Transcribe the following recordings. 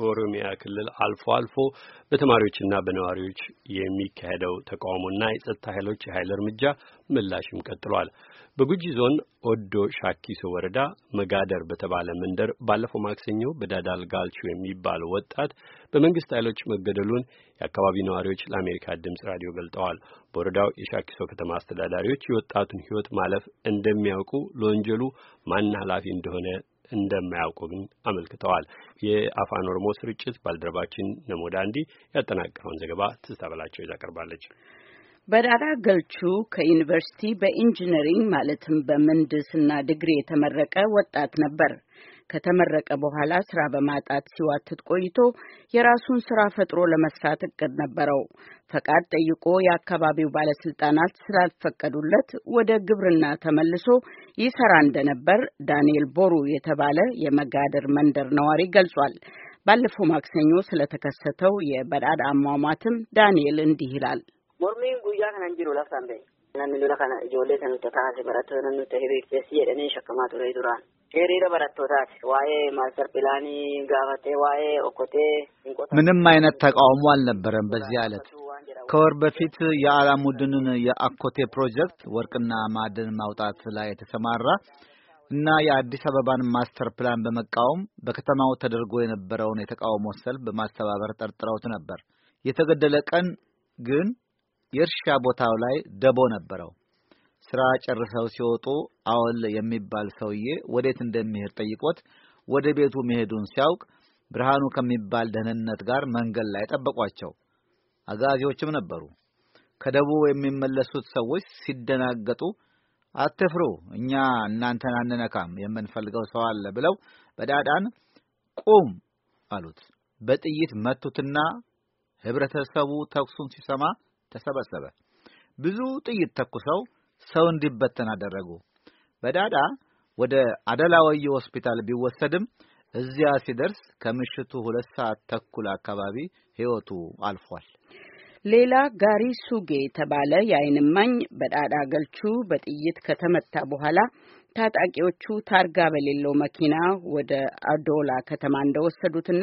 በኦሮሚያ ክልል አልፎ አልፎ በተማሪዎችና በነዋሪዎች የሚካሄደው ተቃውሞና የጸጥታ ኃይሎች የኃይል እርምጃ ምላሽም ቀጥሏል። በጉጂ ዞን ኦዶ ሻኪሶ ወረዳ መጋደር በተባለ መንደር ባለፈው ማክሰኞ በዳዳል ጋልቹ የሚባል ወጣት በመንግስት ኃይሎች መገደሉን የአካባቢ ነዋሪዎች ለአሜሪካ ድምፅ ራዲዮ ገልጠዋል። በወረዳው የሻኪሶ ከተማ አስተዳዳሪዎች የወጣቱን ሕይወት ማለፍ እንደሚያውቁ ለወንጀሉ ማን ኃላፊ እንደሆነ እንደማያውቁ ግን አመልክተዋል። የአፋን ኦሮሞ ስርጭት ባልደረባችን ነሞዳ እንዲ ያጠናቀረውን ዘገባ ትዝታ በላቸው ይዛ ቀርባለች። በዳዳ ገልቹ ከዩኒቨርሲቲ በኢንጂነሪንግ ማለትም በምህንድስና ዲግሪ የተመረቀ ወጣት ነበር። ከተመረቀ በኋላ ስራ በማጣት ሲዋትት ቆይቶ የራሱን ስራ ፈጥሮ ለመስራት እቅድ ነበረው። ፈቃድ ጠይቆ የአካባቢው ባለስልጣናት ስላልፈቀዱለት ወደ ግብርና ተመልሶ ይሰራ እንደነበር ዳንኤል ቦሩ የተባለ የመጋደር መንደር ነዋሪ ገልጿል። ባለፈው ማክሰኞ ስለተከሰተው የበዳድ አሟሟትም ዳንኤል እንዲህ ይላል። ሞርኒንግ ጉያ ከነንጅሩ namni lura kana ijoollee kan nuti kaase barattoota nuti hiriirteessi jedhanii shakkamaa ture duraan. hiriira barattootaati waa'ee maastar pilaanii gaafatee waa'ee okkotee ምንም አይነት ተቃውሞ አልነበረም። በዚህ ዕለት ከወር በፊት የአላሙድንን የአኮቴ ፕሮጀክት ወርቅና ማዕድን ማውጣት ላይ የተሰማራ እና የአዲስ አበባን ማስተር ፕላን በመቃወም በከተማው ተደርጎ የነበረውን የተቃውሞ ሰልፍ በማስተባበር ጠርጥረውት ነበር። የተገደለ ቀን ግን የእርሻ ቦታው ላይ ደቦ ነበረው። ስራ ጨርሰው ሲወጡ አወል የሚባል ሰውዬ ወዴት እንደሚሄድ ጠይቆት ወደ ቤቱ መሄዱን ሲያውቅ ብርሃኑ ከሚባል ደህንነት ጋር መንገድ ላይ ጠበቋቸው። አጋዚዎችም ነበሩ። ከደቦ የሚመለሱት ሰዎች ሲደናገጡ አትፍሩ፣ እኛ እናንተን አንነካም፣ የምንፈልገው ሰው አለ ብለው በዳዳን ቁም አሉት። በጥይት መቱትና ህብረተሰቡ ተኩሱን ሲሰማ ተሰበሰበ። ብዙ ጥይት ተኩሰው ሰው እንዲበተን አደረጉ። በዳዳ ወደ አደላወየ ሆስፒታል ቢወሰድም እዚያ ሲደርስ ከምሽቱ ሁለት ሰዓት ተኩል አካባቢ ሕይወቱ አልፏል። ሌላ ጋሪ ሱጌ የተባለ የአይንማኝ በዳዳ ገልቹ በጥይት ከተመታ በኋላ ታጣቂዎቹ ታርጋ በሌለው መኪና ወደ አዶላ ከተማ እንደወሰዱትና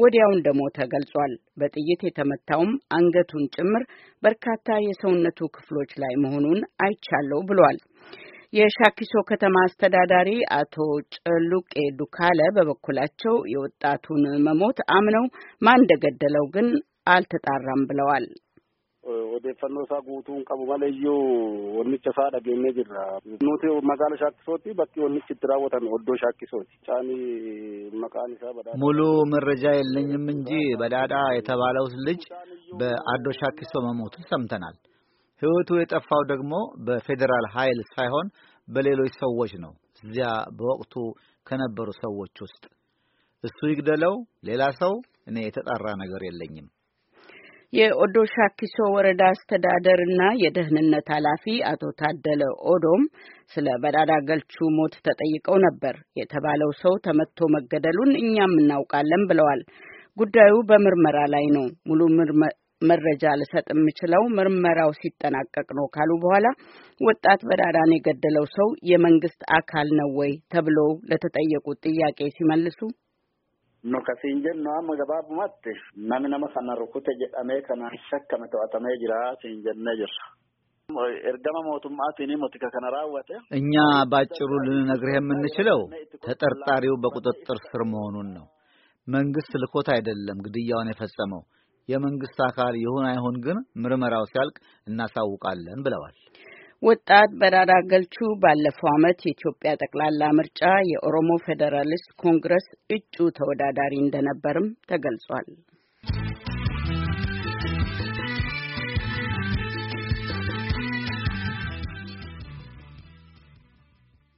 ወዲያው እንደሞተ ገልጿል። በጥይት የተመታውም አንገቱን ጭምር በርካታ የሰውነቱ ክፍሎች ላይ መሆኑን አይቻለው ብሏል። የሻኪሶ ከተማ አስተዳዳሪ አቶ ጨሉቄ ዱካለ በበኩላቸው የወጣቱን መሞት አምነው ማን እንደገደለው ግን አልተጣራም ብለዋል። odeeffannoo isaa guutuun qabu maleyyuu wannicha isaa dhageenyee jirra. Nuti magaala shaakkisooti bakki wannichi itti raawwatame oddoo shaakkisooti. Caani maqaan isaa በዳ ሙሉ መረጃ የለኝም እንጂ በዳዳ የተባለው ልጅ በአዶ ሻኪሶ መሞቱን ሰምተናል። ሕይወቱ የጠፋው ደግሞ በፌዴራል ኃይል ሳይሆን በሌሎች ሰዎች ነው። እዚያ በወቅቱ ከነበሩ ሰዎች ውስጥ እሱ ይግደለው ሌላ ሰው፣ እኔ የተጣራ ነገር የለኝም። የኦዶ ሻኪሶ ወረዳ አስተዳደር እና የደህንነት ኃላፊ አቶ ታደለ ኦዶም ስለ በዳዳ ገልቹ ሞት ተጠይቀው ነበር። የተባለው ሰው ተመትቶ መገደሉን እኛም እናውቃለን ብለዋል። ጉዳዩ በምርመራ ላይ ነው። ሙሉ መረጃ ልሰጥ የምችለው ምርመራው ሲጠናቀቅ ነው ካሉ በኋላ ወጣት በዳዳን የገደለው ሰው የመንግስት አካል ነው ወይ ተብሎ ለተጠየቁት ጥያቄ ሲመልሱ No kasiin jennu amma gabaabumatti nami nama kana rukute jedhamee kanaan shakkame to'atamee jira siin jennee jirra. Ergama mootummaatiin tika kana raawwate. እኛ ባጭሩ ልንነግርህ የምንችለው ተጠርጣሪው በቁጥጥር ስር መሆኑን ነው። መንግስት ልኮት አይደለም ግድያውን የፈጸመው የመንግስት አካል ይሁን አይሁን ግን ምርመራው ሲያልቅ እናሳውቃለን ብለዋል። ወጣት በራራ ገልቹ ባለፈው ዓመት የኢትዮጵያ ጠቅላላ ምርጫ የኦሮሞ ፌዴራሊስት ኮንግረስ እጩ ተወዳዳሪ እንደነበርም ተገልጿል።